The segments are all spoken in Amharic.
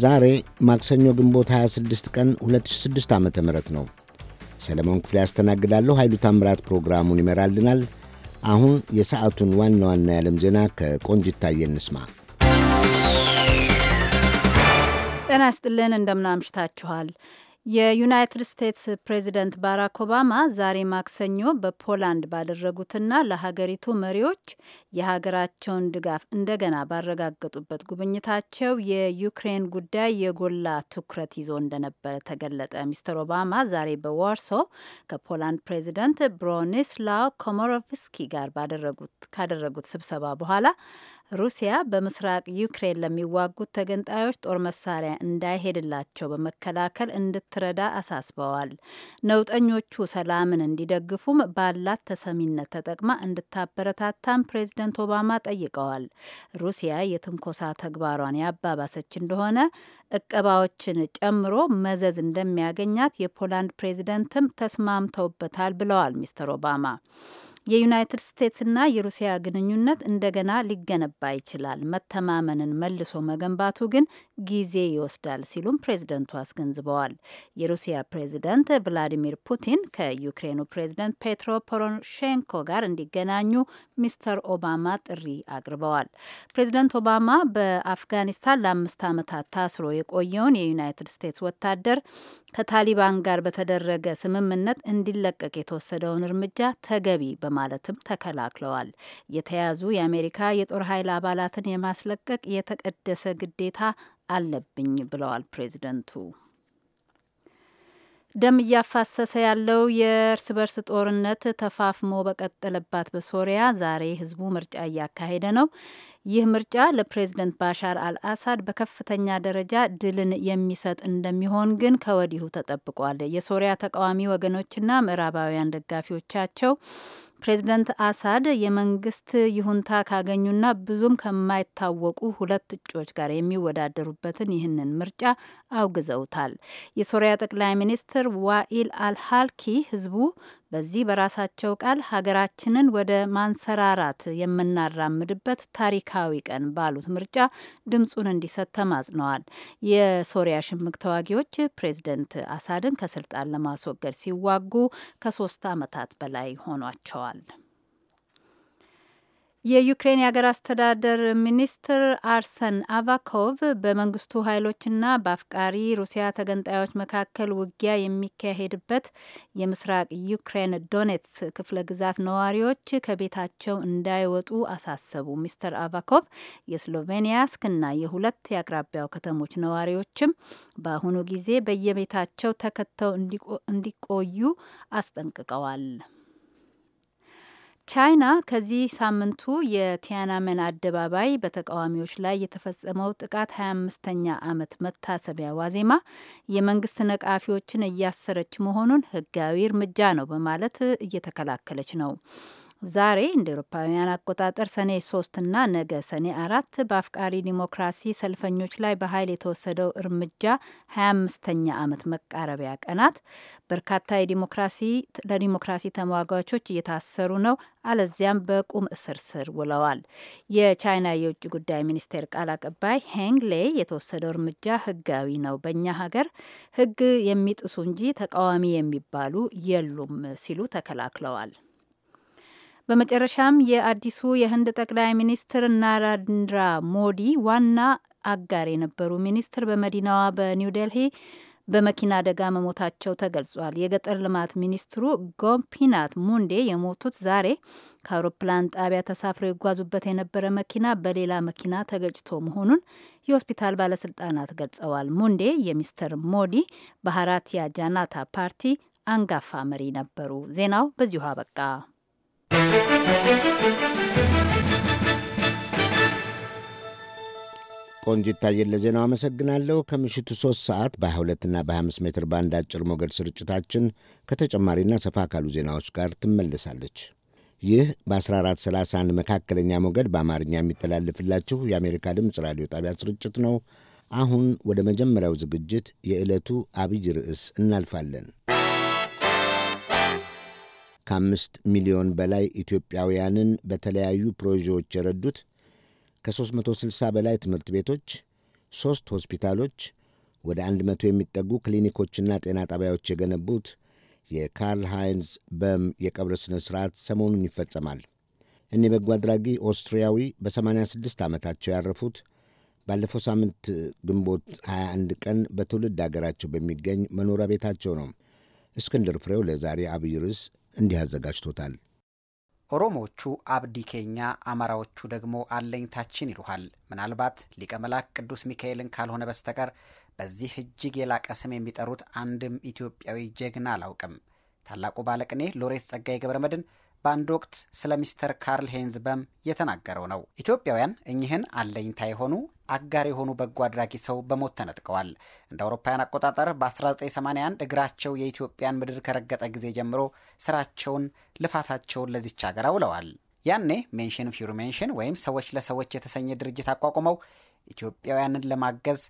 ዛሬ ማክሰኞ ግንቦት 26 ቀን 2006 ዓ ም ነው። ሰለሞን ክፍሌ ያስተናግዳለሁ። ኃይሉ ታምራት ፕሮግራሙን ይመራልናል። አሁን የሰዓቱን ዋና ዋና የዓለም ዜና ከቆንጅት ታየ እንስማ። ጤና ይስጥልን እንደምናምሽታችኋል። የዩናይትድ ስቴትስ ፕሬዚደንት ባራክ ኦባማ ዛሬ ማክሰኞ በፖላንድ ባደረጉትና ለሀገሪቱ መሪዎች የሀገራቸውን ድጋፍ እንደገና ባረጋገጡበት ጉብኝታቸው የዩክሬን ጉዳይ የጎላ ትኩረት ይዞ እንደነበረ ተገለጠ። ሚስተር ኦባማ ዛሬ በዋርሶ ከፖላንድ ፕሬዚደንት ብሮኒስላው ኮሞሮቭስኪ ጋር ባደረጉት ካደረጉት ስብሰባ በኋላ ሩሲያ በምስራቅ ዩክሬን ለሚዋጉት ተገንጣዮች ጦር መሳሪያ እንዳይሄድላቸው በመከላከል እንድትረዳ አሳስበዋል። ነውጠኞቹ ሰላምን እንዲደግፉም ባላት ተሰሚነት ተጠቅማ እንድታበረታታም ፕሬዝደንት ኦባማ ጠይቀዋል። ሩሲያ የትንኮሳ ተግባሯን ያባባሰች እንደሆነ እቀባዎችን ጨምሮ መዘዝ እንደሚያገኛት የፖላንድ ፕሬዚደንትም ተስማምተውበታል ብለዋል ሚስተር ኦባማ። የዩናይትድ ስቴትስና የሩሲያ ግንኙነት እንደገና ሊገነባ ይችላል። መተማመንን መልሶ መገንባቱ ግን ጊዜ ይወስዳል ሲሉም ፕሬዝደንቱ አስገንዝበዋል። የሩሲያ ፕሬዝደንት ቭላዲሚር ፑቲን ከዩክሬኑ ፕሬዝደንት ፔትሮ ፖሮሼንኮ ጋር እንዲገናኙ ሚስተር ኦባማ ጥሪ አቅርበዋል። ፕሬዝደንት ኦባማ በአፍጋኒስታን ለአምስት ዓመታት ታስሮ የቆየውን የዩናይትድ ስቴትስ ወታደር ከታሊባን ጋር በተደረገ ስምምነት እንዲለቀቅ የተወሰደውን እርምጃ ተገቢ በማ በማለትም ተከላክለዋል። የተያዙ የአሜሪካ የጦር ኃይል አባላትን የማስለቀቅ የተቀደሰ ግዴታ አለብኝ ብለዋል ፕሬዚደንቱ። ደም እያፋሰሰ ያለው የእርስ በርስ ጦርነት ተፋፍሞ በቀጠለባት በሶሪያ ዛሬ ህዝቡ ምርጫ እያካሄደ ነው። ይህ ምርጫ ለፕሬዝደንት ባሻር አልአሳድ በከፍተኛ ደረጃ ድልን የሚሰጥ እንደሚሆን ግን ከወዲሁ ተጠብቋል። የሶሪያ ተቃዋሚ ወገኖችና ምዕራባውያን ደጋፊዎቻቸው ፕሬዚደንት አሳድ የመንግስት ይሁንታ ካገኙና ብዙም ከማይታወቁ ሁለት እጩዎች ጋር የሚወዳደሩበትን ይህንን ምርጫ አውግዘውታል። የሶሪያ ጠቅላይ ሚኒስትር ዋኢል አልሃልኪ ህዝቡ በዚህ በራሳቸው ቃል ሀገራችንን ወደ ማንሰራራት የምናራምድበት ታሪካዊ ቀን ባሉት ምርጫ ድምፁን እንዲሰጥ ተማጽነዋል። የሶሪያ ሽምቅ ተዋጊዎች ፕሬዚደንት አሳድን ከስልጣን ለማስወገድ ሲዋጉ ከሶስት ዓመታት በላይ ሆኗቸዋል። የዩክሬን የሀገር አስተዳደር ሚኒስትር አርሰን አቫኮቭ በመንግስቱ ኃይሎችና በአፍቃሪ ሩሲያ ተገንጣዮች መካከል ውጊያ የሚካሄድበት የምስራቅ ዩክሬን ዶኔትስ ክፍለ ግዛት ነዋሪዎች ከቤታቸው እንዳይወጡ አሳሰቡ። ሚስተር አቫኮቭ የስሎቬኒያስክና የሁለት የአቅራቢያው ከተሞች ነዋሪዎችም በአሁኑ ጊዜ በየቤታቸው ተከተው እንዲቆዩ አስጠንቅቀዋል። ቻይና ከዚህ ሳምንቱ የቲያናመን አደባባይ በተቃዋሚዎች ላይ የተፈጸመው ጥቃት 25ኛ ዓመት መታሰቢያ ዋዜማ የመንግስት ነቃፊዎችን እያሰረች መሆኑን ህጋዊ እርምጃ ነው በማለት እየተከላከለች ነው። ዛሬ እንደ ኤሮፓውያን አቆጣጠር ሰኔ ሶስት እና ነገ ሰኔ አራት በአፍቃሪ ዲሞክራሲ ሰልፈኞች ላይ በኃይል የተወሰደው እርምጃ ሀያ አምስተኛ ዓመት መቃረቢያ ቀናት በርካታ የዲሞክራሲ ለዲሞክራሲ ተሟጋቾች እየታሰሩ ነው፣ አለዚያም በቁም እስር ስር ውለዋል። የቻይና የውጭ ጉዳይ ሚኒስቴር ቃል አቀባይ ሄንግ ሌ የተወሰደው እርምጃ ህጋዊ ነው፣ በእኛ ሀገር ህግ የሚጥሱ እንጂ ተቃዋሚ የሚባሉ የሉም ሲሉ ተከላክለዋል። በመጨረሻም የአዲሱ የህንድ ጠቅላይ ሚኒስትር ናራንድራ ሞዲ ዋና አጋር የነበሩ ሚኒስትር በመዲናዋ በኒውዴልሂ በመኪና አደጋ መሞታቸው ተገልጿል። የገጠር ልማት ሚኒስትሩ ጎፒናት ሙንዴ የሞቱት ዛሬ ከአውሮፕላን ጣቢያ ተሳፍረው ይጓዙበት የነበረ መኪና በሌላ መኪና ተገጭቶ መሆኑን የሆስፒታል ባለስልጣናት ገልጸዋል። ሙንዴ የሚስተር ሞዲ በሀራቲያ ጃናታ ፓርቲ አንጋፋ መሪ ነበሩ። ዜናው በዚሁ አበቃ። ቆንጂት ታየለ ዜናው አመሰግናለሁ። ከምሽቱ 3 ሰዓት በ22ና በ25 ሜትር ባንድ አጭር ሞገድ ስርጭታችን ከተጨማሪና ሰፋ አካሉ ዜናዎች ጋር ትመለሳለች። ይህ በ1431 መካከለኛ ሞገድ በአማርኛ የሚተላለፍላችሁ የአሜሪካ ድምፅ ራዲዮ ጣቢያ ስርጭት ነው። አሁን ወደ መጀመሪያው ዝግጅት የዕለቱ አብይ ርዕስ እናልፋለን። ከአምስት ሚሊዮን በላይ ኢትዮጵያውያንን በተለያዩ ፕሮጀዎች የረዱት ከ360 በላይ ትምህርት ቤቶች፣ ሦስት ሆስፒታሎች፣ ወደ 100 የሚጠጉ ክሊኒኮችና ጤና ጣቢያዎች የገነቡት የካርል ሃይንዝ በም የቀብር ሥነ ሥርዓት ሰሞኑን ይፈጸማል። እኒህ በጎ አድራጊ ኦስትሪያዊ በ86 ዓመታቸው ያረፉት ባለፈው ሳምንት ግንቦት 21 ቀን በትውልድ አገራቸው በሚገኝ መኖሪያ ቤታቸው ነው። እስክንድር ፍሬው ለዛሬ አብይ ርዕስ እንዲህ አዘጋጅቶታል። ኦሮሞዎቹ አብዲ ኬኛ፣ አማራዎቹ ደግሞ አለኝታችን ይሉሃል። ምናልባት ሊቀ መላክ ቅዱስ ሚካኤልን ካልሆነ በስተቀር በዚህ እጅግ የላቀ ስም የሚጠሩት አንድም ኢትዮጵያዊ ጀግና አላውቅም። ታላቁ ባለቅኔ ሎሬት ጸጋዬ ገብረ መድን በአንድ ወቅት ስለ ሚስተር ካርል ሄንዝ በም የተናገረው ነው። ኢትዮጵያውያን እኚህን አለኝታ የሆኑ አጋር የሆኑ በጎ አድራጊ ሰው በሞት ተነጥቀዋል። እንደ አውሮፓውያን አቆጣጠር በ1981 እግራቸው የኢትዮጵያን ምድር ከረገጠ ጊዜ ጀምሮ ስራቸውን፣ ልፋታቸውን ለዚች ሀገር አውለዋል። ያኔ ሜንሽን ፊር ሜንሽን ወይም ሰዎች ለሰዎች የተሰኘ ድርጅት አቋቁመው ኢትዮጵያውያንን ለማገዝ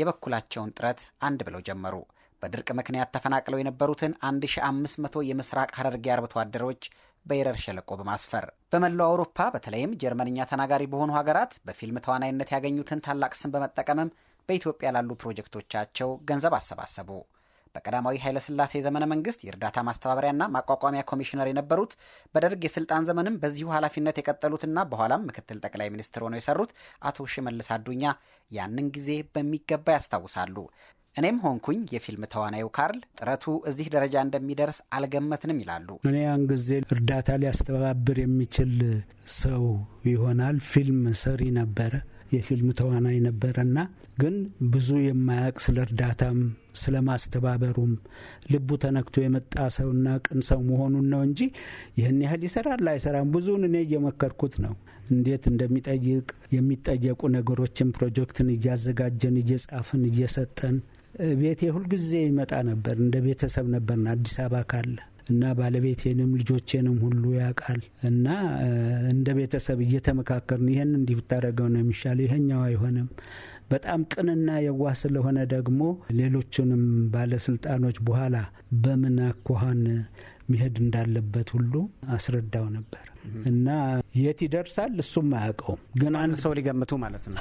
የበኩላቸውን ጥረት አንድ ብለው ጀመሩ። በድርቅ ምክንያት ተፈናቅለው የነበሩትን 1500 የምስራቅ ሐረርጌ አርብቶ አደሮች በይረር ሸለቆ በማስፈር በመላው አውሮፓ በተለይም ጀርመንኛ ተናጋሪ በሆኑ ሀገራት በፊልም ተዋናይነት ያገኙትን ታላቅ ስም በመጠቀምም በኢትዮጵያ ላሉ ፕሮጀክቶቻቸው ገንዘብ አሰባሰቡ። በቀዳማዊ ኃይለሥላሴ ዘመነ መንግስት የእርዳታ ማስተባበሪያና ማቋቋሚያ ኮሚሽነር የነበሩት በደርግ የስልጣን ዘመንም በዚሁ ኃላፊነት የቀጠሉትና በኋላም ምክትል ጠቅላይ ሚኒስትር ሆነው የሰሩት አቶ ሽመልስ አዱኛ ያንን ጊዜ በሚገባ ያስታውሳሉ። እኔም ሆንኩኝ የፊልም ተዋናዩ ካርል ጥረቱ እዚህ ደረጃ እንደሚደርስ አልገመትንም ይላሉ። እኔ ያን ጊዜ እርዳታ ሊያስተባብር የሚችል ሰው ይሆናል ፊልም ሰሪ ነበረ፣ የፊልም ተዋናይ ነበረ እና ግን ብዙ የማያውቅ ስለ እርዳታም ስለማስተባበሩም ልቡ ተነክቶ የመጣ ሰውና ቅን ሰው መሆኑን ነው እንጂ ይህን ያህል ይሰራል አይሰራም፣ ብዙውን እኔ እየመከርኩት ነው እንዴት እንደሚጠይቅ የሚጠየቁ ነገሮችን ፕሮጀክትን እያዘጋጀን እየጻፍን እየሰጠን ቤቴ ሁልጊዜ ይመጣ ነበር። እንደ ቤተሰብ ነበርና አዲስ አበባ ካለ እና ባለቤቴንም ልጆቼንም ሁሉ ያውቃል። እና እንደ ቤተሰብ እየተመካከርን ይህን እንዲህ ብታደረገው ነው የሚሻለው፣ ይሄኛው አይሆንም። በጣም ቅንና የዋህ ስለሆነ ደግሞ ሌሎቹንም ባለስልጣኖች በኋላ በምን አኳኋን መሄድ እንዳለበት ሁሉ አስረዳው ነበር። እና የት ይደርሳል እሱም አያውቀውም። ግን አንድ ሰው ሊገምቱ ማለት ነው።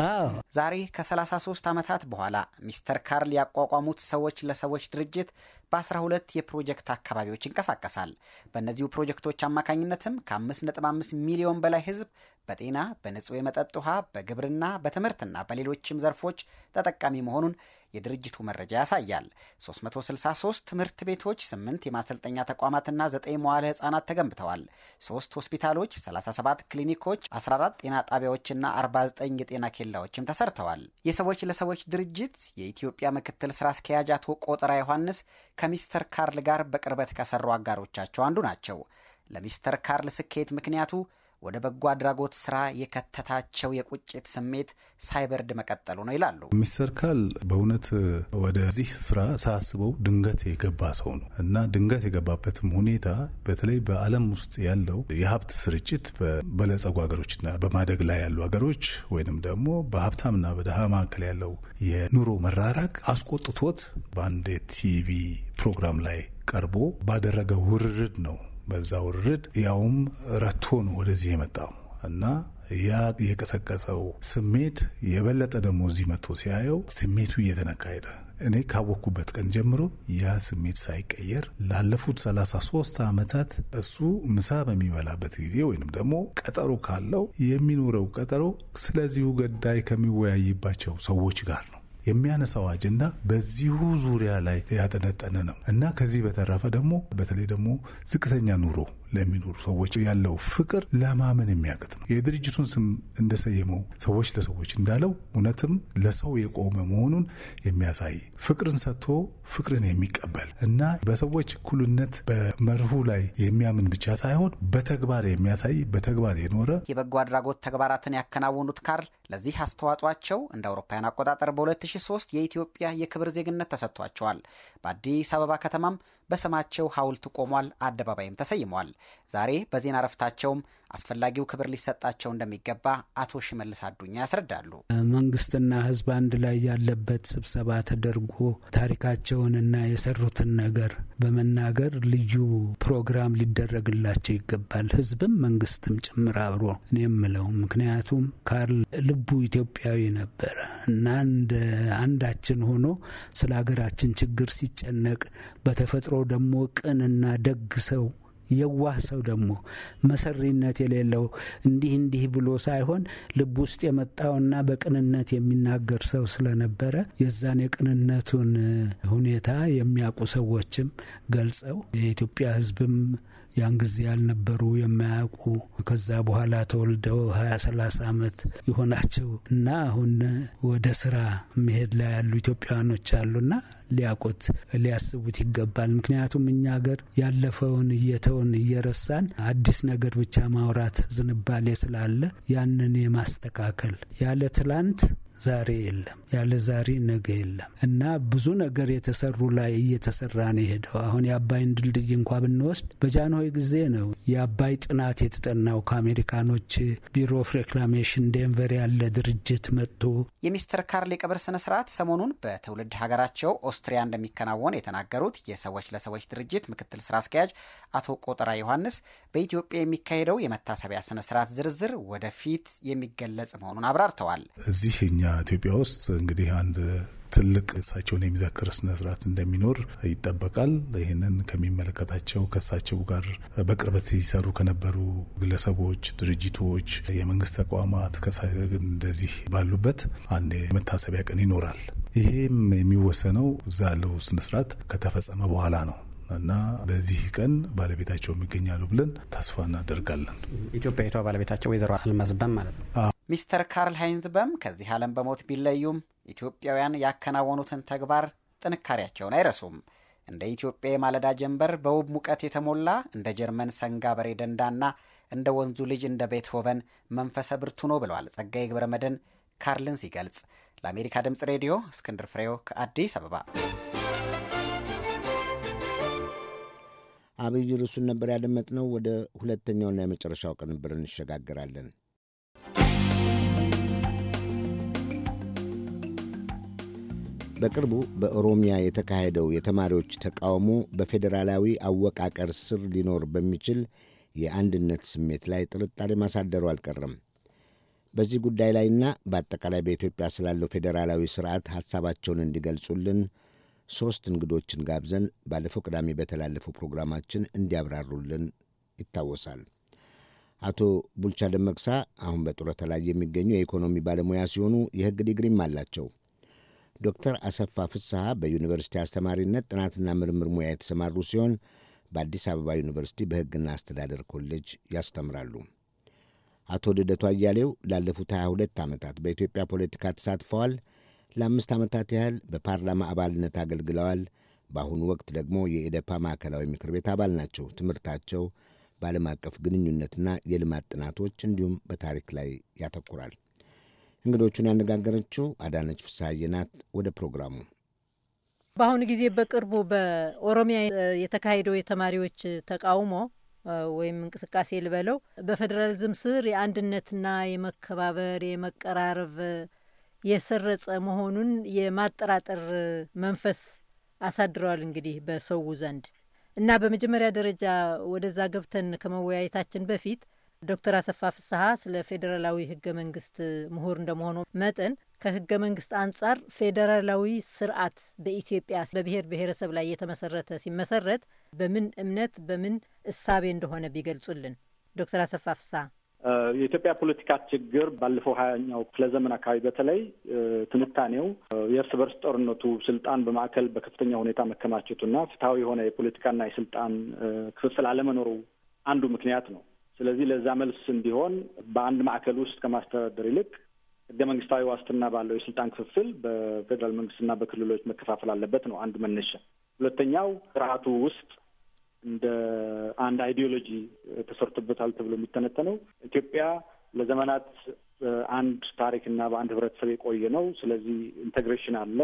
ዛሬ ከ33 ዓመታት በኋላ ሚስተር ካርል ያቋቋሙት ሰዎች ለሰዎች ድርጅት በ12 የፕሮጀክት አካባቢዎች ይንቀሳቀሳል። በእነዚሁ ፕሮጀክቶች አማካኝነትም ከ5.5 ሚሊዮን በላይ ህዝብ በጤና፣ በንጹህ የመጠጥ ውሃ፣ በግብርና፣ በትምህርትና በሌሎችም ዘርፎች ተጠቃሚ መሆኑን የድርጅቱ መረጃ ያሳያል። 363 ትምህርት ቤቶች፣ 8 የማሰልጠኛ ተቋማትና 9 መዋለ ህጻናት ተገንብተዋል። 3 ሆስፒታሎች፣ 37 ክሊኒኮች፣ 14 ጤና ጣቢያዎችና 49 የጤና ኬላዎችም ተሰርተዋል። የሰዎች ለሰዎች ድርጅት የኢትዮጵያ ምክትል ስራ አስኪያጅ አቶ ቆጠራ ዮሐንስ ከሚስተር ካርል ጋር በቅርበት ከሰሩ አጋሮቻቸው አንዱ ናቸው። ለሚስተር ካርል ስኬት ምክንያቱ ወደ በጎ አድራጎት ስራ የከተታቸው የቁጭት ስሜት ሳይበርድ መቀጠሉ ነው ይላሉ ሚስተር ካል። በእውነት ወደዚህ ስራ ሳስበው ድንገት የገባ ሰው ነው እና ድንገት የገባበትም ሁኔታ በተለይ በዓለም ውስጥ ያለው የሀብት ስርጭት በበለጸጉ ሀገሮችና በማደግ ላይ ያሉ ሀገሮች ወይንም ደግሞ በሀብታምና በድሃ መካከል ያለው የኑሮ መራራቅ አስቆጥቶት በአንድ ቲቪ ፕሮግራም ላይ ቀርቦ ባደረገ ውርርድ ነው በዛ ውርድ ያውም ረቶን ወደዚህ የመጣው እና ያ የቀሰቀሰው ስሜት የበለጠ ደግሞ እዚህ መጥቶ ሲያየው ስሜቱ እየተነካ ሄደ። እኔ ካወቅኩበት ቀን ጀምሮ ያ ስሜት ሳይቀየር ላለፉት 33 ዓመታት እሱ ምሳ በሚበላበት ጊዜ ወይንም ደግሞ ቀጠሮ ካለው የሚኖረው ቀጠሮ ስለዚሁ ገዳይ ከሚወያይባቸው ሰዎች ጋር ነው። የሚያነሳው አጀንዳ በዚሁ ዙሪያ ላይ ያጠነጠነ ነው እና ከዚህ በተረፈ ደግሞ በተለይ ደግሞ ዝቅተኛ ኑሮ ለሚኖሩ ሰዎች ያለው ፍቅር ለማመን የሚያቅት ነው። የድርጅቱን ስም እንደሰየመው ሰዎች ለሰዎች እንዳለው እውነትም ለሰው የቆመ መሆኑን የሚያሳይ ፍቅርን ሰጥቶ ፍቅርን የሚቀበል እና በሰዎች እኩልነት በመርሁ ላይ የሚያምን ብቻ ሳይሆን በተግባር የሚያሳይ በተግባር የኖረ የበጎ አድራጎት ተግባራትን ያከናወኑት ካርል ለዚህ አስተዋጽቸው እንደ አውሮፓውያን አቆጣጠር በ2003 የኢትዮጵያ የክብር ዜግነት ተሰጥቷቸዋል። በአዲስ አበባ ከተማም በስማቸው ሐውልት ቆሟል፣ አደባባይም ተሰይመዋል። ዛሬ በዜና እረፍታቸውም አስፈላጊው ክብር ሊሰጣቸው እንደሚገባ አቶ ሽመልስ አዱኛ ያስረዳሉ። መንግስትና ህዝብ አንድ ላይ ያለበት ስብሰባ ተደርጎ ታሪካቸውንና የሰሩትን ነገር በመናገር ልዩ ፕሮግራም ሊደረግላቸው ይገባል። ህዝብም መንግስትም ጭምር አብሮ እኔ የምለው ምክንያቱም ካርል ልቡ ኢትዮጵያዊ ነበረ እና አንዳችን ሆኖ ስለ ሀገራችን ችግር ሲጨነቅ በተፈጥሮ ደግሞ ቅንና ደግ ሰው የዋህ ሰው ደግሞ መሰሪነት የሌለው እንዲህ እንዲህ ብሎ ሳይሆን ልብ ውስጥ የመጣውና በቅንነት የሚናገር ሰው ስለነበረ የዛን የቅንነቱን ሁኔታ የሚያውቁ ሰዎችም ገልጸው የኢትዮጵያ ሕዝብም ያን ጊዜ ያልነበሩ የማያውቁ ከዛ በኋላ ተወልደው ሀያ ሰላሳ ዓመት የሆናቸው እና አሁን ወደ ስራ መሄድ ላይ ያሉ ኢትዮጵያውያኖች አሉና ሊያውቁት ሊያስቡት ይገባል። ምክንያቱም እኛ ሀገር ያለፈውን እየተውን እየረሳን አዲስ ነገር ብቻ ማውራት ዝንባሌ ስላለ ያንን የማስተካከል ያለ ትላንት ዛሬ የለም። ያለ ዛሬ ነገ የለም እና ብዙ ነገር የተሰሩ ላይ እየተሰራ ነው የሄደው። አሁን የአባይን ድልድይ እንኳ ብንወስድ በጃንሆይ ጊዜ ነው የአባይ ጥናት የተጠናው ከአሜሪካኖች ቢሮ ኦፍ ሬክላሜሽን ዴንቨር ያለ ድርጅት መጥቶ የሚስተር ካርል የቀብር ስነ ስርዓት ሰሞኑን በትውልድ ሀገራቸው ኦስትሪያ እንደሚከናወን የተናገሩት የሰዎች ለሰዎች ድርጅት ምክትል ስራ አስኪያጅ አቶ ቆጠራ ዮሐንስ በኢትዮጵያ የሚካሄደው የመታሰቢያ ስነ ስርዓት ዝርዝር ወደፊት የሚገለጽ መሆኑን አብራርተዋል። እዚህ እኛ ኢትዮጵያ ውስጥ እንግዲህ አንድ ትልቅ እሳቸውን የሚዘክር ስነስርዓት እንደሚኖር ይጠበቃል። ይህንን ከሚመለከታቸው ከእሳቸው ጋር በቅርበት ይሰሩ ከነበሩ ግለሰቦች፣ ድርጅቶች፣ የመንግስት ተቋማት እንደዚህ ባሉበት አንድ የመታሰቢያ ቀን ይኖራል። ይሄም የሚወሰነው እዛ ያለው ስነስርዓት ከተፈጸመ በኋላ ነው እና በዚህ ቀን ባለቤታቸው የሚገኛሉ ብለን ተስፋ እናደርጋለን። ኢትዮጵያዊቷ ባለቤታቸው ወይዘሮ አልመዝ በም ማለት ነው። ሚስተር ካርል ሃይንዝ በም ከዚህ ዓለም በሞት ቢለዩም ኢትዮጵያውያን ያከናወኑትን ተግባር ጥንካሬያቸውን አይረሱም። እንደ ኢትዮጵያ የማለዳ ጀንበር በውብ ሙቀት የተሞላ እንደ ጀርመን ሰንጋ በሬ ደንዳና እንደ ወንዙ ልጅ እንደ ቤትሆቨን መንፈሰ ብርቱ ነው ብለዋል ጸጋዬ ግብረ መድን ካርልን ሲገልጽ። ለአሜሪካ ድምፅ ሬዲዮ እስክንድር ፍሬው ከአዲስ አበባ። አብይ ርዕሱን ነበር ያደመጥነው። ወደ ሁለተኛውና የመጨረሻው ቅንብር እንሸጋግራለን። በቅርቡ በኦሮሚያ የተካሄደው የተማሪዎች ተቃውሞ በፌዴራላዊ አወቃቀር ስር ሊኖር በሚችል የአንድነት ስሜት ላይ ጥርጣሬ ማሳደሩ አልቀረም። በዚህ ጉዳይ ላይና በአጠቃላይ በኢትዮጵያ ስላለው ፌዴራላዊ ስርዓት ሐሳባቸውን እንዲገልጹልን ሦስት እንግዶችን ጋብዘን ባለፈው ቅዳሜ በተላለፈው ፕሮግራማችን እንዲያብራሩልን ይታወሳል። አቶ ቡልቻ ደመቅሳ አሁን በጡረታ ላይ የሚገኙ የኢኮኖሚ ባለሙያ ሲሆኑ የሕግ ዲግሪም አላቸው። ዶክተር አሰፋ ፍስሐ በዩኒቨርሲቲ አስተማሪነት ጥናትና ምርምር ሙያ የተሰማሩ ሲሆን በአዲስ አበባ ዩኒቨርሲቲ በሕግና አስተዳደር ኮሌጅ ያስተምራሉ። አቶ ልደቱ አያሌው ላለፉት 22 ዓመታት በኢትዮጵያ ፖለቲካ ተሳትፈዋል። ለአምስት ዓመታት ያህል በፓርላማ አባልነት አገልግለዋል። በአሁኑ ወቅት ደግሞ የኢደፓ ማዕከላዊ ምክር ቤት አባል ናቸው። ትምህርታቸው በዓለም አቀፍ ግንኙነትና የልማት ጥናቶች እንዲሁም በታሪክ ላይ ያተኩራል። እንግዶቹን ያነጋገረችው አዳነች ፍስሐዬ ናት። ወደ ፕሮግራሙ በአሁኑ ጊዜ በቅርቡ በኦሮሚያ የተካሄደው የተማሪዎች ተቃውሞ ወይም እንቅስቃሴ ልበለው በፌዴራሊዝም ስር የአንድነትና የመከባበር የመቀራረብ የሰረጸ መሆኑን የማጠራጠር መንፈስ አሳድረዋል። እንግዲህ በሰው ዘንድ እና በመጀመሪያ ደረጃ ወደዛ ገብተን ከመወያየታችን በፊት ዶክተር አሰፋ ፍስሀ ስለ ፌዴራላዊ ህገ መንግስት ምሁር እንደመሆኑ መጠን ከህገ መንግስት አንጻር ፌዴራላዊ ስርዓት በኢትዮጵያ በብሔር ብሔረሰብ ላይ የተመሰረተ ሲመሰረት በምን እምነት በምን እሳቤ እንደሆነ ቢገልጹልን። ዶክተር አሰፋ ፍስሀ የኢትዮጵያ ፖለቲካ ችግር ባለፈው ሀያኛው ክፍለ ዘመን አካባቢ በተለይ ትንታኔው የእርስ በርስ ጦርነቱ ስልጣን በማዕከል በከፍተኛ ሁኔታ መከማቸቱና ፍትሐዊ የሆነ የፖለቲካና የስልጣን ክፍፍል አለመኖሩ አንዱ ምክንያት ነው። ስለዚህ ለዛ መልስ እንዲሆን በአንድ ማዕከል ውስጥ ከማስተዳደር ይልቅ ህገ መንግስታዊ ዋስትና ባለው የስልጣን ክፍፍል በፌዴራል መንግስትና በክልሎች መከፋፈል አለበት ነው አንዱ መነሻ። ሁለተኛው ስርዓቱ ውስጥ እንደ አንድ አይዲዮሎጂ ተሰርቶበታል ተብሎ የሚተነተነው ኢትዮጵያ ለዘመናት በአንድ ታሪክና በአንድ ህብረተሰብ የቆየ ነው። ስለዚህ ኢንቴግሬሽን አለ፣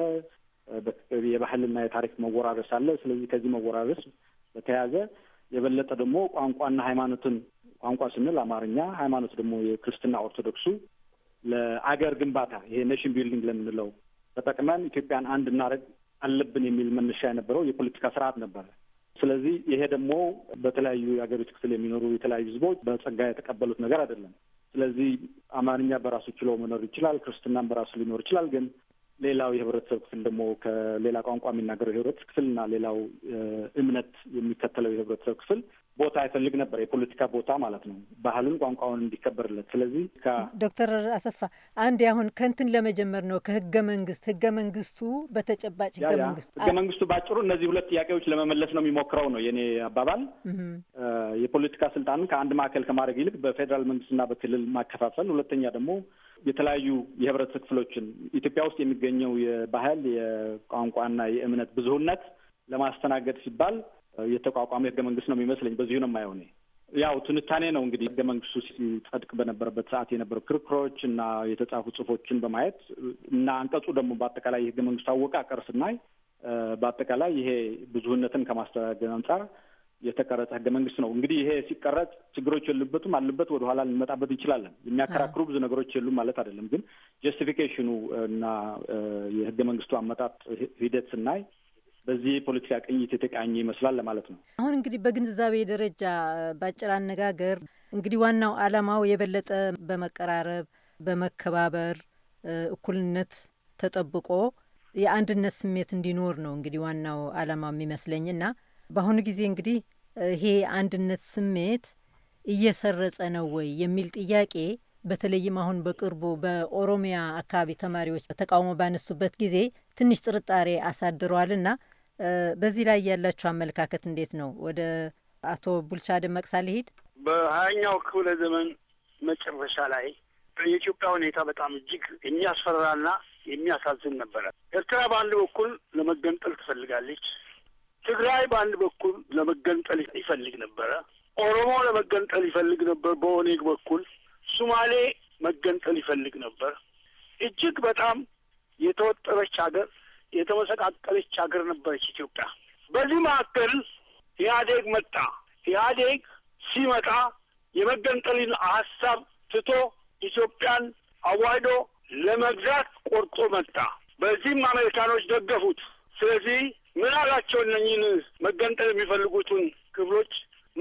የባህልና የታሪክ መወራረስ አለ። ስለዚህ ከዚህ መወራረስ በተያያዘ የበለጠ ደግሞ ቋንቋና ሃይማኖትን ቋንቋ ስንል አማርኛ፣ ሃይማኖት ደግሞ የክርስትና ኦርቶዶክሱ ለአገር ግንባታ ይሄ ኔሽን ቢልዲንግ ለምንለው ተጠቅመን ኢትዮጵያን አንድ እናደርግ አለብን የሚል መነሻ የነበረው የፖለቲካ ስርዓት ነበረ። ስለዚህ ይሄ ደግሞ በተለያዩ የሀገሪቱ ክፍል የሚኖሩ የተለያዩ ህዝቦች በጸጋ የተቀበሉት ነገር አይደለም። ስለዚህ አማርኛ በራሱ ችሎ መኖር ይችላል፣ ክርስትናም በራሱ ሊኖር ይችላል። ግን ሌላው የህብረተሰብ ክፍል ደግሞ ከሌላ ቋንቋ የሚናገረው የህብረተሰብ ክፍል እና ሌላው እምነት የሚከተለው የህብረተሰብ ክፍል ቦታ ይፈልግ ነበር፣ የፖለቲካ ቦታ ማለት ነው። ባህሉን ቋንቋውን እንዲከበርለት። ስለዚህ ዶክተር አሰፋ አንድ አሁን ከንትን ለመጀመር ነው ከህገ መንግስት ህገ መንግስቱ በተጨባጭ ህገ መንግስቱ ህገ መንግስቱ ባጭሩ እነዚህ ሁለት ጥያቄዎች ለመመለስ ነው የሚሞክረው ነው የኔ አባባል። የፖለቲካ ስልጣንን ከአንድ ማዕከል ከማድረግ ይልቅ በፌዴራል መንግስትና በክልል ማከፋፈል፣ ሁለተኛ ደግሞ የተለያዩ የህብረተሰብ ክፍሎችን ኢትዮጵያ ውስጥ የሚገኘው የባህል የቋንቋና የእምነት ብዙህነት ለማስተናገድ ሲባል የተቋቋመ ህገ መንግስት ነው የሚመስለኝ። በዚሁ ነው የማየው እኔ። ያው ትንታኔ ነው እንግዲህ ህገ መንግስቱ ሲጸድቅ በነበረበት ሰዓት የነበሩ ክርክሮች እና የተጻፉ ጽሁፎችን በማየት እና አንቀጹ ደግሞ በአጠቃላይ የህገ መንግስቱ አወቃቀር ስናይ በአጠቃላይ ይሄ ብዙህነትን ከማስተዳደር አንጻር የተቀረጸ ህገ መንግስት ነው። እንግዲህ ይሄ ሲቀረጽ ችግሮች የሉበትም አሉበት ወደኋላ ልንመጣበት እንችላለን። የሚያከራክሩ ብዙ ነገሮች የሉም ማለት አይደለም። ግን ጀስቲፊኬሽኑ እና የህገ መንግስቱ አመጣጥ ሂደት ስናይ በዚህ የፖለቲካ ቅኝት የተቃኘ ይመስላል ለማለት ነው። አሁን እንግዲህ በግንዛቤ ደረጃ በአጭር አነጋገር እንግዲህ ዋናው ዓላማው የበለጠ በመቀራረብ በመከባበር እኩልነት ተጠብቆ የአንድነት ስሜት እንዲኖር ነው እንግዲህ ዋናው ዓላማው የሚመስለኝ እና በአሁኑ ጊዜ እንግዲህ ይሄ አንድነት ስሜት እየሰረጸ ነው ወይ የሚል ጥያቄ በተለይም አሁን በቅርቡ በኦሮሚያ አካባቢ ተማሪዎች ተቃውሞ ባነሱበት ጊዜ ትንሽ ጥርጣሬ አሳድረዋልና በዚህ ላይ ያላችሁ አመለካከት እንዴት ነው? ወደ አቶ ቡልቻ ደመቅሳ ሊሄድ በሀያኛው ክፍለ ዘመን መጨረሻ ላይ የኢትዮጵያ ሁኔታ በጣም እጅግ የሚያስፈራና የሚያሳዝን ነበረ። ኤርትራ በአንድ በኩል ለመገንጠል ትፈልጋለች። ትግራይ በአንድ በኩል ለመገንጠል ይፈልግ ነበረ። ኦሮሞ ለመገንጠል ይፈልግ ነበር። በኦኔግ በኩል ሱማሌ መገንጠል ይፈልግ ነበር። እጅግ በጣም የተወጠረች ሀገር የተመሰቃቀለች ሀገር ነበረች ኢትዮጵያ። በዚህ መካከል ኢህአዴግ መጣ። ኢህአዴግ ሲመጣ የመገንጠልን ሀሳብ ትቶ ኢትዮጵያን አዋህዶ ለመግዛት ቆርጦ መጣ። በዚህም አሜሪካኖች ደገፉት። ስለዚህ ምን አላቸው? እነኝን መገንጠል የሚፈልጉትን ክፍሎች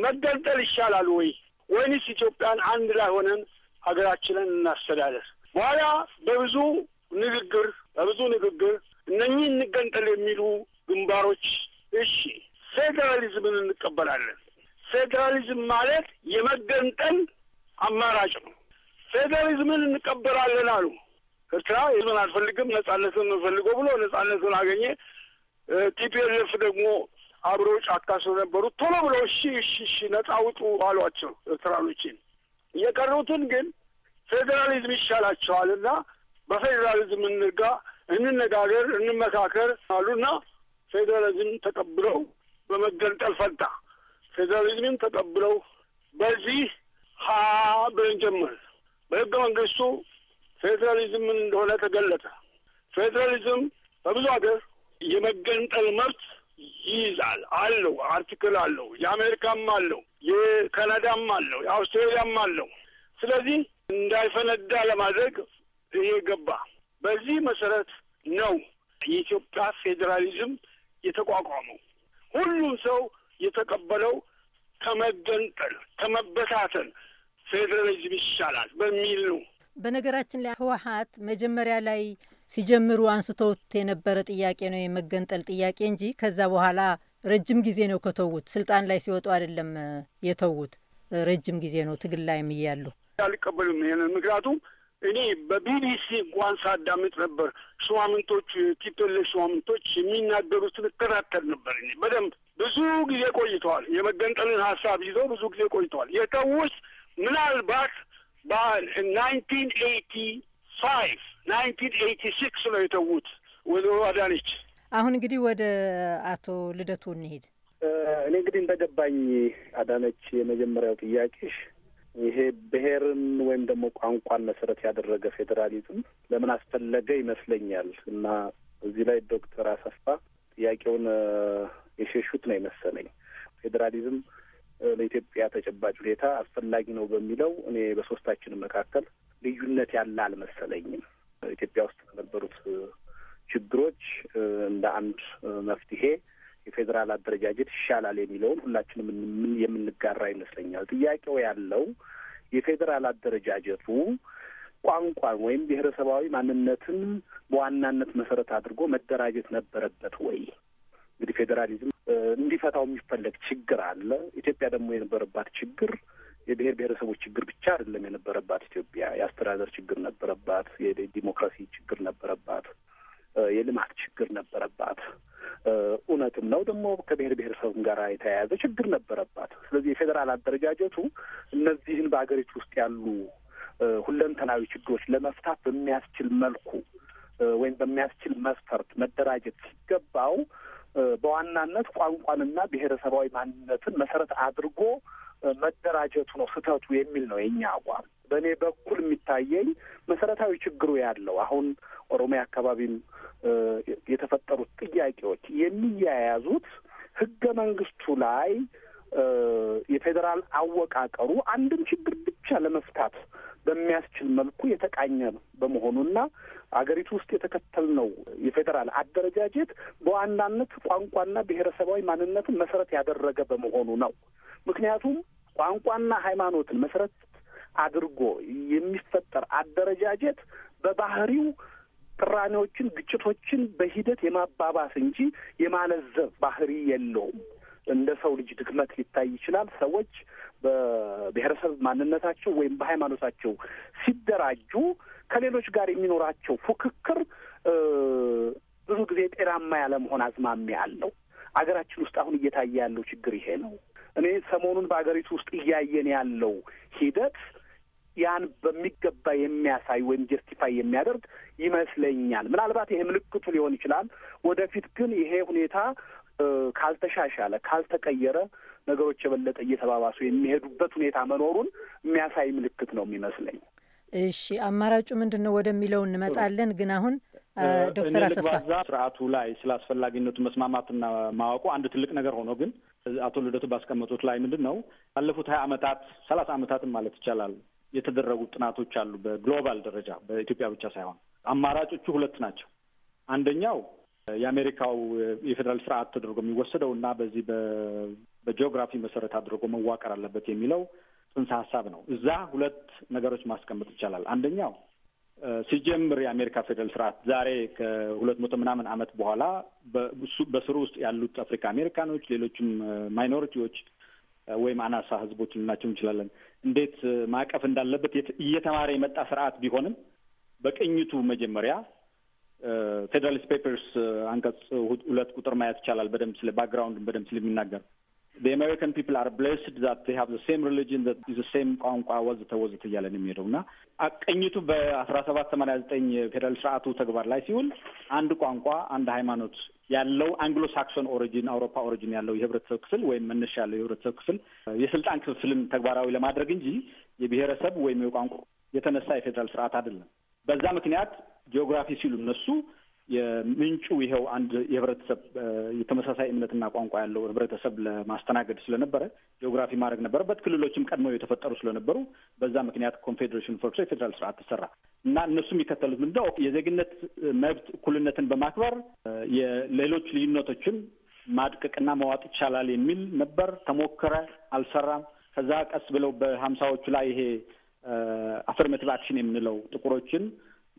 መገንጠል ይሻላል ወይ ወይንስ ኢትዮጵያን አንድ ላይ ሆነን ሀገራችንን እናስተዳደር? በኋላ በብዙ ንግግር በብዙ ንግግር እነኚህ እንገንጠል የሚሉ ግንባሮች እሺ፣ ፌዴራሊዝምን እንቀበላለን። ፌዴራሊዝም ማለት የመገንጠል አማራጭ ነው። ፌዴራሊዝምን እንቀበላለን አሉ። ኤርትራ ህዝብን አልፈልግም ነጻነትን እንፈልገው ብሎ ነጻነትን አገኘ። ቲፒኤልኤፍ ደግሞ አብረው ጫካ ስለነበሩ ቶሎ ብለው እሺ እሺ እሺ ነጻ ውጡ አሏቸው ኤርትራኖችን። የቀሩትን ግን ፌዴራሊዝም ይሻላቸዋል እና በፌዴራሊዝም እንርጋ እንነጋገር፣ እንመካከር አሉና ፌዴራሊዝም ተቀብለው በመገንጠል ፈንታ ፌዴራሊዝምን ተቀብለው በዚህ ሀ ብለን ጀምር በህገ መንግስቱ ፌዴራሊዝም እንደሆነ ተገለጠ። ፌዴራሊዝም በብዙ ሀገር የመገንጠል መብት ይይዛል አለው፣ አርቲክል አለው። የአሜሪካም አለው፣ የካናዳም አለው፣ የአውስትራሊያም አለው። ስለዚህ እንዳይፈነዳ ለማድረግ ይሄ ገባ። በዚህ መሰረት ነው የኢትዮጵያ ፌዴራሊዝም የተቋቋመው። ሁሉም ሰው የተቀበለው ከመገንጠል ከመበታተን ፌዴራሊዝም ይሻላል በሚል ነው። በነገራችን ላይ ህወሀት መጀመሪያ ላይ ሲጀምሩ አንስተውት የነበረ ጥያቄ ነው የመገንጠል ጥያቄ እንጂ ከዛ በኋላ ረጅም ጊዜ ነው ከተዉት። ስልጣን ላይ ሲወጡ አይደለም የተዉት፣ ረጅም ጊዜ ነው ትግል ላይ እያሉ አልቀበሉም። ምክንያቱም እኔ በቢቢሲ እንኳን ሳዳምጥ ነበር። ሸዋምንቶች ቲፔሌ ሸዋምንቶች የሚናገሩትን እከታተል ነበር እኔ በደንብ ብዙ ጊዜ ቆይተዋል። የመገንጠልን ሀሳብ ይዘው ብዙ ጊዜ ቆይተዋል። የተውስ ምናልባት በናይንቲን ኤይቲ ፋይቭ ናይንቲን ኤይቲ ሲክስ ነው የተዉት ወይዘሮ አዳነች። አሁን እንግዲህ ወደ አቶ ልደቱ እንሄድ። እኔ እንግዲህ እንደገባኝ አዳነች፣ የመጀመሪያው ጥያቄሽ ይሄ ብሔርን ወይም ደግሞ ቋንቋን መሰረት ያደረገ ፌዴራሊዝም ለምን አስፈለገ ይመስለኛል እና እዚህ ላይ ዶክተር አሰፋ ጥያቄውን የሸሹት ነው የመሰለኝ። ፌዴራሊዝም ለኢትዮጵያ ተጨባጭ ሁኔታ አስፈላጊ ነው በሚለው እኔ በሶስታችን መካከል ልዩነት ያለ አልመሰለኝም። ኢትዮጵያ ውስጥ ለነበሩት ችግሮች እንደ አንድ መፍትሄ የፌዴራል አደረጃጀት ይሻላል የሚለውን ሁላችንም የምንጋራ ይመስለኛል። ጥያቄው ያለው የፌዴራል አደረጃጀቱ ቋንቋን ወይም ብሔረሰባዊ ማንነትን በዋናነት መሰረት አድርጎ መደራጀት ነበረበት ወይ? እንግዲህ ፌዴራሊዝም እንዲፈታው የሚፈለግ ችግር አለ። ኢትዮጵያ ደግሞ የነበረባት ችግር የብሔር ብሔረሰቦች ችግር ብቻ አይደለም የነበረባት። ኢትዮጵያ የአስተዳደር ችግር ነበረባት፣ የዲሞክራሲ ችግር ነበረባት፣ የልማት ችግር ነበረባት። እውነትም ነው ደግሞ ከብሔር ብሔረሰብም ጋር የተያያዘ ችግር ነበረባት። ስለዚህ የፌዴራል አደረጃጀቱ እነዚህን በሀገሪቱ ውስጥ ያሉ ሁለንተናዊ ችግሮች ለመፍታት በሚያስችል መልኩ ወይም በሚያስችል መስፈርት መደራጀት ሲገባው በዋናነት ቋንቋንና ብሔረሰባዊ ማንነትን መሰረት አድርጎ መደራጀቱ ነው ስህተቱ የሚል ነው የኛ አቋም። በእኔ በኩል የሚታየኝ መሰረታዊ ችግሩ ያለው አሁን ኦሮሚያ አካባቢም የተፈጠሩት ጥያቄዎች የሚያያዙት ህገ መንግስቱ ላይ የፌዴራል አወቃቀሩ አንድን ችግር ብቻ ለመፍታት በሚያስችል መልኩ የተቃኘ በመሆኑና አገሪቱ ውስጥ የተከተልነው የፌዴራል አደረጃጀት በዋናነት ቋንቋና ብሔረሰባዊ ማንነትን መሰረት ያደረገ በመሆኑ ነው። ምክንያቱም ቋንቋና ሃይማኖትን መሰረት አድርጎ የሚፈጠር አደረጃጀት በባህሪው ቅራኔዎችን፣ ግጭቶችን በሂደት የማባባስ እንጂ የማለዘብ ባህሪ የለውም። እንደ ሰው ልጅ ድክመት ሊታይ ይችላል። ሰዎች በብሔረሰብ ማንነታቸው ወይም በሃይማኖታቸው ሲደራጁ ከሌሎች ጋር የሚኖራቸው ፉክክር ብዙ ጊዜ ጤናማ ያለመሆን አዝማሚያ አለው። አገራችን ውስጥ አሁን እየታየ ያለው ችግር ይሄ ነው። እኔ ሰሞኑን በአገሪቱ ውስጥ እያየን ያለው ሂደት ያን በሚገባ የሚያሳይ ወይም ጀስቲፋይ የሚያደርግ ይመስለኛል። ምናልባት ይሄ ምልክቱ ሊሆን ይችላል። ወደፊት ግን ይሄ ሁኔታ ካልተሻሻለ፣ ካልተቀየረ ነገሮች የበለጠ እየተባባሱ የሚሄዱበት ሁኔታ መኖሩን የሚያሳይ ምልክት ነው የሚመስለኝ። እሺ አማራጩ ምንድን ነው ወደሚለው እንመጣለን። ግን አሁን ዶክተር አሰፋ ስርዓቱ ላይ ስለ አስፈላጊነቱ መስማማትና ማወቁ አንድ ትልቅ ነገር ሆኖ ግን አቶ ልደቱ ባስቀመጡት ላይ ምንድን ነው ባለፉት ሀያ ዓመታት ሰላሳ አመታትም ማለት ይቻላል የተደረጉ ጥናቶች አሉ። በግሎባል ደረጃ በኢትዮጵያ ብቻ ሳይሆን አማራጮቹ ሁለት ናቸው። አንደኛው የአሜሪካው የፌዴራል ስርዓት ተደርጎ የሚወሰደው እና በዚህ በጂኦግራፊ መሰረት አድርጎ መዋቀር አለበት የሚለው ጽንሰ ሀሳብ ነው። እዛ ሁለት ነገሮች ማስቀመጥ ይቻላል። አንደኛው ሲጀምር የአሜሪካ ፌዴራል ስርዓት ዛሬ ከሁለት መቶ ምናምን ዓመት በኋላ በስሩ ውስጥ ያሉት አፍሪካ አሜሪካኖች፣ ሌሎችም ማይኖሪቲዎች ወይም አናሳ ህዝቦች ልናቸው እንችላለን እንዴት ማዕቀፍ እንዳለበት እየተማረ የመጣ ስርዓት ቢሆንም በቅኝቱ መጀመሪያ ፌዴራሊስት ፔፐርስ አንቀጽ ሁለት ቁጥር ማየት ይቻላል። በደንብ ስለ ባክግራውንድ በደንብ ስለሚናገር አሜሪካን ፒፕል አር ብሌስድ ዛት ሀ ዘ ሴም ሪሊጅን ሴም ቋንቋ ወዘተ ወዘተ እያለን የሚሄደው እና አቀኝቱ በአስራ ሰባት ሰማንያ ዘጠኝ የፌዴራል ስርዓቱ ተግባር ላይ ሲውል አንድ ቋንቋ አንድ ሃይማኖት ያለው አንግሎ ሳክሶን ኦሪጂን አውሮፓ ኦሪጂን ያለው የህብረተሰብ ክፍል ወይም መነሻ ያለው የህብረተሰብ ክፍል የስልጣን ክፍፍልን ተግባራዊ ለማድረግ እንጂ የብሔረሰብ ወይም የቋንቋ የተነሳ የፌዴራል ስርዓት አይደለም። በዛ ምክንያት ጂኦግራፊ ሲሉ እነሱ የምንጩ ይኸው አንድ የህብረተሰብ የተመሳሳይ እምነትና ቋንቋ ያለው ህብረተሰብ ለማስተናገድ ስለነበረ ጂኦግራፊ ማድረግ ነበረበት። ክልሎችም ቀድመው የተፈጠሩ ስለነበሩ በዛ ምክንያት ኮንፌዴሬሽን ፈርሶ የፌዴራል ስርዓት ተሰራ እና እነሱ የሚከተሉት ምንድነው የዜግነት መብት እኩልነትን በማክበር የሌሎች ልዩነቶችን ማድቀቅና መዋጥ ይቻላል የሚል ነበር። ተሞከረ፣ አልሰራም። ከዛ ቀስ ብለው በሀምሳዎቹ ላይ ይሄ አፈርሜቲቭ አክሽን የምንለው ጥቁሮችን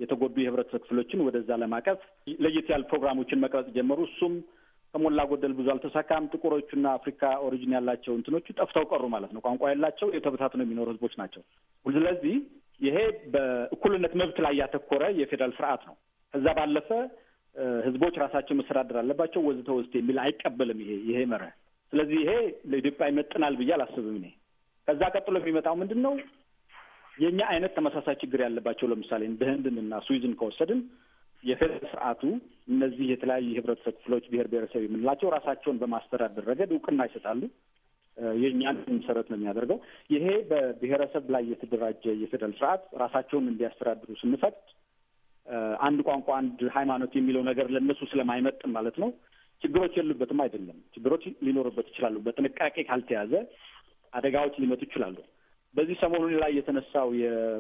የተጎዱ የህብረተሰብ ክፍሎችን ወደዛ ለማቀፍ ለየት ያሉ ፕሮግራሞችን መቅረጽ ጀመሩ። እሱም ከሞላ ጎደል ብዙ አልተሳካም። ጥቁሮቹና አፍሪካ ኦሪጂን ያላቸው እንትኖቹ ጠፍተው ቀሩ ማለት ነው። ቋንቋ ያላቸው የተበታትነው የሚኖሩ ህዝቦች ናቸው። ስለዚህ ይሄ በእኩልነት መብት ላይ ያተኮረ የፌዴራል ስርዓት ነው። ከዛ ባለፈ ህዝቦች ራሳቸው መስተዳደር አለባቸው ወዘተ ወዘተ የሚል አይቀበልም ይሄ ይሄ መርህ። ስለዚህ ይሄ ለኢትዮጵያ ይመጥናል ብዬ አላስብም እኔ። ከዛ ቀጥሎ የሚመጣው ምንድን ነው? የእኛ አይነት ተመሳሳይ ችግር ያለባቸው ለምሳሌ በህንድን እና ስዊዝን ከወሰድን የፌደራል ስርዓቱ እነዚህ የተለያዩ የህብረተሰብ ክፍሎች ብሔር ብሔረሰብ የምንላቸው ራሳቸውን በማስተዳደር ረገድ እውቅና ይሰጣሉ። የእኛን መሰረት ነው የሚያደርገው። ይሄ በብሔረሰብ ላይ የተደራጀ የፌደራል ስርዓት ራሳቸውን እንዲያስተዳድሩ ስንፈቅድ አንድ ቋንቋ፣ አንድ ሃይማኖት የሚለው ነገር ለእነሱ ስለማይመጥን ማለት ነው። ችግሮች የሉበትም አይደለም። ችግሮች ሊኖሩበት ይችላሉ። በጥንቃቄ ካልተያዘ አደጋዎች ሊመጡ ይችላሉ። በዚህ ሰሞኑን ላይ የተነሳው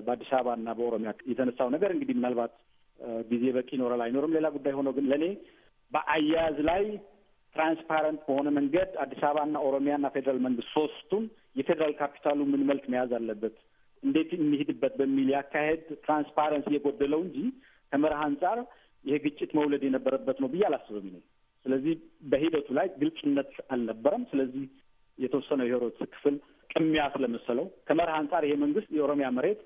በአዲስ አበባ እና በኦሮሚያ የተነሳው ነገር እንግዲህ ምናልባት ጊዜ በቂ ይኖራል አይኖርም ሌላ ጉዳይ ሆኖ ግን ለእኔ በአያያዝ ላይ ትራንስፓረንት በሆነ መንገድ አዲስ አበባና ኦሮሚያና ፌዴራል መንግስት ሶስቱም የፌዴራል ካፒታሉ ምን መልክ መያዝ አለበት፣ እንዴት እንሂድበት በሚል ያካሄድ ትራንስፓረንስ እየጎደለው እንጂ ከመርህ አንጻር ይሄ ግጭት መውለድ የነበረበት ነው ብዬ አላስብም ነው። ስለዚህ በሂደቱ ላይ ግልጽነት አልነበረም። ስለዚህ የተወሰነው የህይወት ክፍል ቅሚያ ስለመሰለው ከመርህ አንጻር ይሄ መንግስት የኦሮሚያ መሬት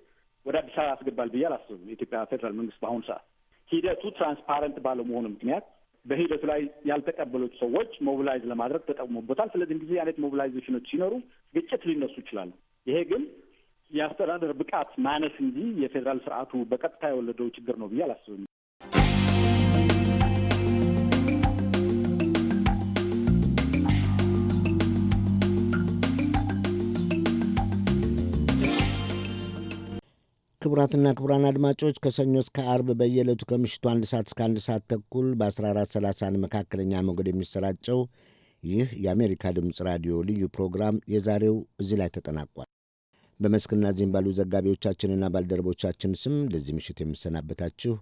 ወደ አዲስ አበባ ያስገባል ብዬ አላስብም። የኢትዮጵያ ፌዴራል መንግስት በአሁኑ ሰዓት ሂደቱ ትራንስፓረንት ባለመሆኑ ምክንያት በሂደቱ ላይ ያልተቀበሉት ሰዎች ሞቢላይዝ ለማድረግ ተጠቅሞበታል። ስለዚህ ጊዜ አይነት ሞቢላይዜሽኖች ሲኖሩ ግጭት ሊነሱ ይችላሉ። ይሄ ግን የአስተዳደር ብቃት ማነስ እንጂ የፌዴራል ስርዓቱ በቀጥታ የወለደው ችግር ነው ብዬ አላስብም። ክቡራትና ክቡራን አድማጮች ከሰኞ እስከ አርብ በየዕለቱ ከምሽቱ አንድ ሰዓት እስከ አንድ ሰዓት ተኩል በ1430 መካከለኛ ሞገድ የሚሰራጨው ይህ የአሜሪካ ድምፅ ራዲዮ ልዩ ፕሮግራም የዛሬው እዚህ ላይ ተጠናቋል። በመስክና እዚህም ባሉ ዘጋቢዎቻችንና ባልደረቦቻችን ስም ለዚህ ምሽት የምሰናበታችሁ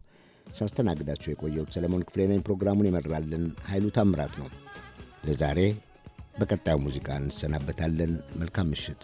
ሳስተናግዳችሁ የቆየሁት ሰለሞን ክፍሌ ነኝ። ፕሮግራሙን ይመራልን ኃይሉ ታምራት ነው። ለዛሬ በቀጣዩ ሙዚቃ እንሰናበታለን። መልካም ምሽት።